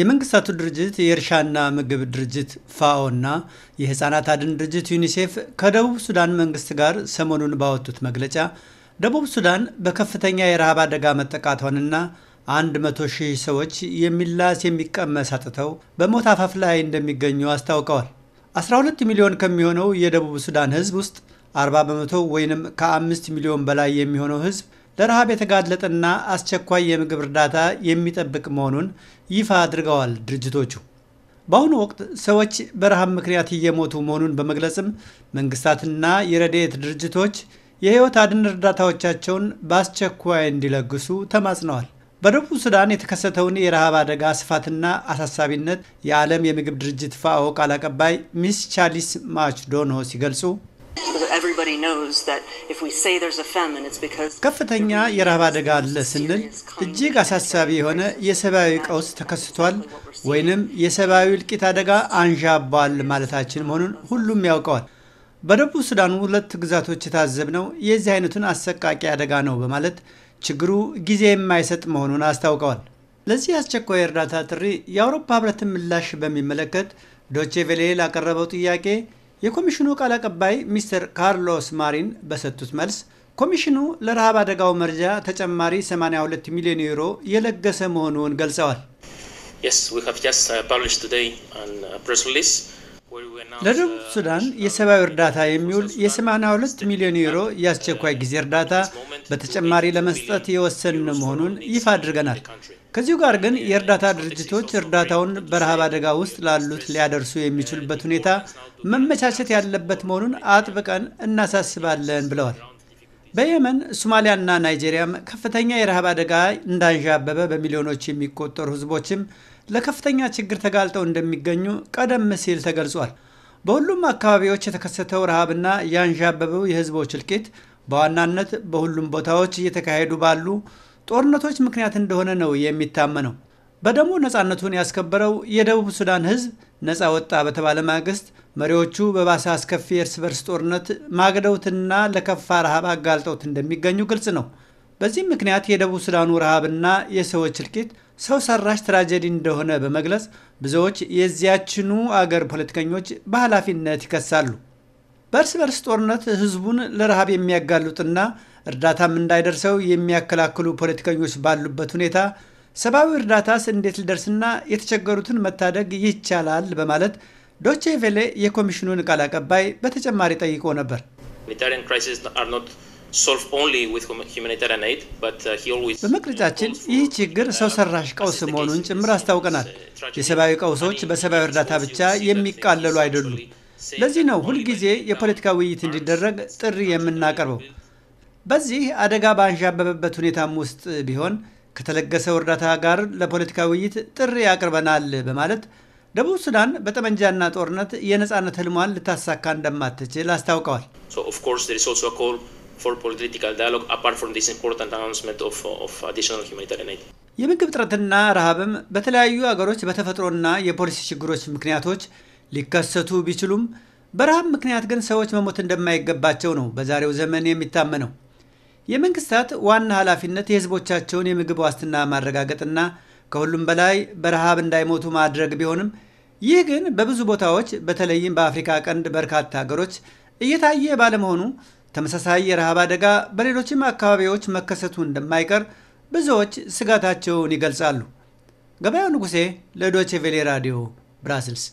የመንግስታቱ ድርጅት የእርሻና ምግብ ድርጅት ፋኦ እና የህፃናት አድን ድርጅት ዩኒሴፍ ከደቡብ ሱዳን መንግስት ጋር ሰሞኑን ባወጡት መግለጫ ደቡብ ሱዳን በከፍተኛ የረሃብ አደጋ መጠቃቷንና አንድ ሺህ ሰዎች የሚላስ የሚቀመስ አጥተው በሞት አፋፍ ላይ እንደሚገኙ አስታውቀዋል። 12 ሚሊዮን ከሚሆነው የደቡብ ሱዳን ህዝብ ውስጥ 40 በመቶ ወይንም ከ5 ሚሊዮን በላይ የሚሆነው ህዝብ ለረሃብ የተጋለጠና አስቸኳይ የምግብ እርዳታ የሚጠብቅ መሆኑን ይፋ አድርገዋል ድርጅቶቹ። በአሁኑ ወቅት ሰዎች በረሃብ ምክንያት እየሞቱ መሆኑን በመግለጽም መንግስታትና የረድኤት ድርጅቶች የህይወት አድን እርዳታዎቻቸውን በአስቸኳይ እንዲለግሱ ተማጽነዋል። በደቡብ ሱዳን የተከሰተውን የረሃብ አደጋ ስፋትና አሳሳቢነት የዓለም የምግብ ድርጅት ፋኦ ቃል አቀባይ ሚስ ቻሊስ ማችዶኖ ሲገልጹ ከፍተኛ የረሃብ አደጋ አለ ስንል እጅግ አሳሳቢ የሆነ የሰብአዊ ቀውስ ተከስቷል ወይንም የሰብአዊ እልቂት አደጋ አንዣቧል ማለታችን መሆኑን ሁሉም ያውቀዋል። በደቡብ ሱዳን ሁለት ግዛቶች የታዘብነው የዚህ አይነቱን አሰቃቂ አደጋ ነው በማለት ችግሩ ጊዜ የማይሰጥ መሆኑን አስታውቀዋል። ለዚህ አስቸኳይ እርዳታ ጥሪ የአውሮፓ ሕብረትን ምላሽ በሚመለከት ዶቼ ቬሌ ላቀረበው ጥያቄ የኮሚሽኑ ቃል አቀባይ ሚስተር ካርሎስ ማሪን በሰጡት መልስ ኮሚሽኑ ለረሃብ አደጋው መርጃ ተጨማሪ 82 ሚሊዮን ዩሮ የለገሰ መሆኑን ገልጸዋል። uh, uh, ለደቡብ uh, ሱዳን የሰብአዊ እርዳታ የሚውል የ82 ሚሊዮን ዩሮ የአስቸኳይ ጊዜ እርዳታ በተጨማሪ ለመስጠት የወሰን መሆኑን ይፋ አድርገናል። ከዚሁ ጋር ግን የእርዳታ ድርጅቶች እርዳታውን በረሃብ አደጋ ውስጥ ላሉት ሊያደርሱ የሚችሉበት ሁኔታ መመቻቸት ያለበት መሆኑን አጥብቀን እናሳስባለን ብለዋል። በየመን ሶማሊያና ናይጄሪያም ከፍተኛ የረሃብ አደጋ እንዳንዣበበ በሚሊዮኖች የሚቆጠሩ ህዝቦችም ለከፍተኛ ችግር ተጋልጠው እንደሚገኙ ቀደም ሲል ተገልጿል። በሁሉም አካባቢዎች የተከሰተው ረሃብና ያንዣበበው የህዝቦች እልቂት በዋናነት በሁሉም ቦታዎች እየተካሄዱ ባሉ ጦርነቶች ምክንያት እንደሆነ ነው የሚታመነው። በደሞ ነፃነቱን ያስከበረው የደቡብ ሱዳን ህዝብ ነፃ ወጣ በተባለ ማግስት መሪዎቹ በባሰ አስከፊ የእርስ በርስ ጦርነት ማግደውትና ለከፋ ረሃብ አጋልጠውት እንደሚገኙ ግልጽ ነው። በዚህም ምክንያት የደቡብ ሱዳኑ ረሃብና የሰዎች እልቂት ሰው ሰራሽ ትራጀዲ እንደሆነ በመግለጽ ብዙዎች የዚያችኑ አገር ፖለቲከኞች በኃላፊነት ይከሳሉ። በእርስ በርስ ጦርነት ህዝቡን ለረሃብ የሚያጋልጥና እርዳታም እንዳይደርሰው የሚያከላክሉ ፖለቲከኞች ባሉበት ሁኔታ ሰብአዊ እርዳታስ እንዴት ሊደርስና የተቸገሩትን መታደግ ይቻላል በማለት ዶቼ ቬሌ የኮሚሽኑን ቃል አቀባይ በተጨማሪ ጠይቆ ነበር። uh, በመግለጫችን ይህ ችግር ሰው uh, ሰራሽ ቀውስ መሆኑን ጭምር አስታውቀናል። uh, የሰብአዊ ቀውሶች በሰብአዊ እርዳታ ብቻ የሚቃለሉ አይደሉም። ለዚህ ነው ሁልጊዜ የፖለቲካ ውይይት እንዲደረግ ጥሪ የምናቀርበው። በዚህ አደጋ ባንዣበበበት ሁኔታም ውስጥ ቢሆን ከተለገሰው እርዳታ ጋር ለፖለቲካ ውይይት ጥሪ ያቅርበናል በማለት ደቡብ ሱዳን በጠመንጃና ጦርነት የነፃነት ህልሟን ልታሳካ እንደማትችል አስታውቀዋል። የምግብ እጥረትና ረሃብም በተለያዩ አገሮች በተፈጥሮና የፖሊሲ ችግሮች ምክንያቶች ሊከሰቱ ቢችሉም በረሃብ ምክንያት ግን ሰዎች መሞት እንደማይገባቸው ነው በዛሬው ዘመን የሚታመነው። የመንግስታት ዋና ኃላፊነት የህዝቦቻቸውን የምግብ ዋስትና ማረጋገጥና ከሁሉም በላይ በረሃብ እንዳይሞቱ ማድረግ ቢሆንም ይህ ግን በብዙ ቦታዎች በተለይም በአፍሪካ ቀንድ በርካታ ሀገሮች እየታየ ባለመሆኑ ተመሳሳይ የረሃብ አደጋ በሌሎችም አካባቢዎች መከሰቱ እንደማይቀር ብዙዎች ስጋታቸውን ይገልጻሉ። ገበያው ንጉሴ ለዶቼ ቬሌ ራዲዮ ብራስልስ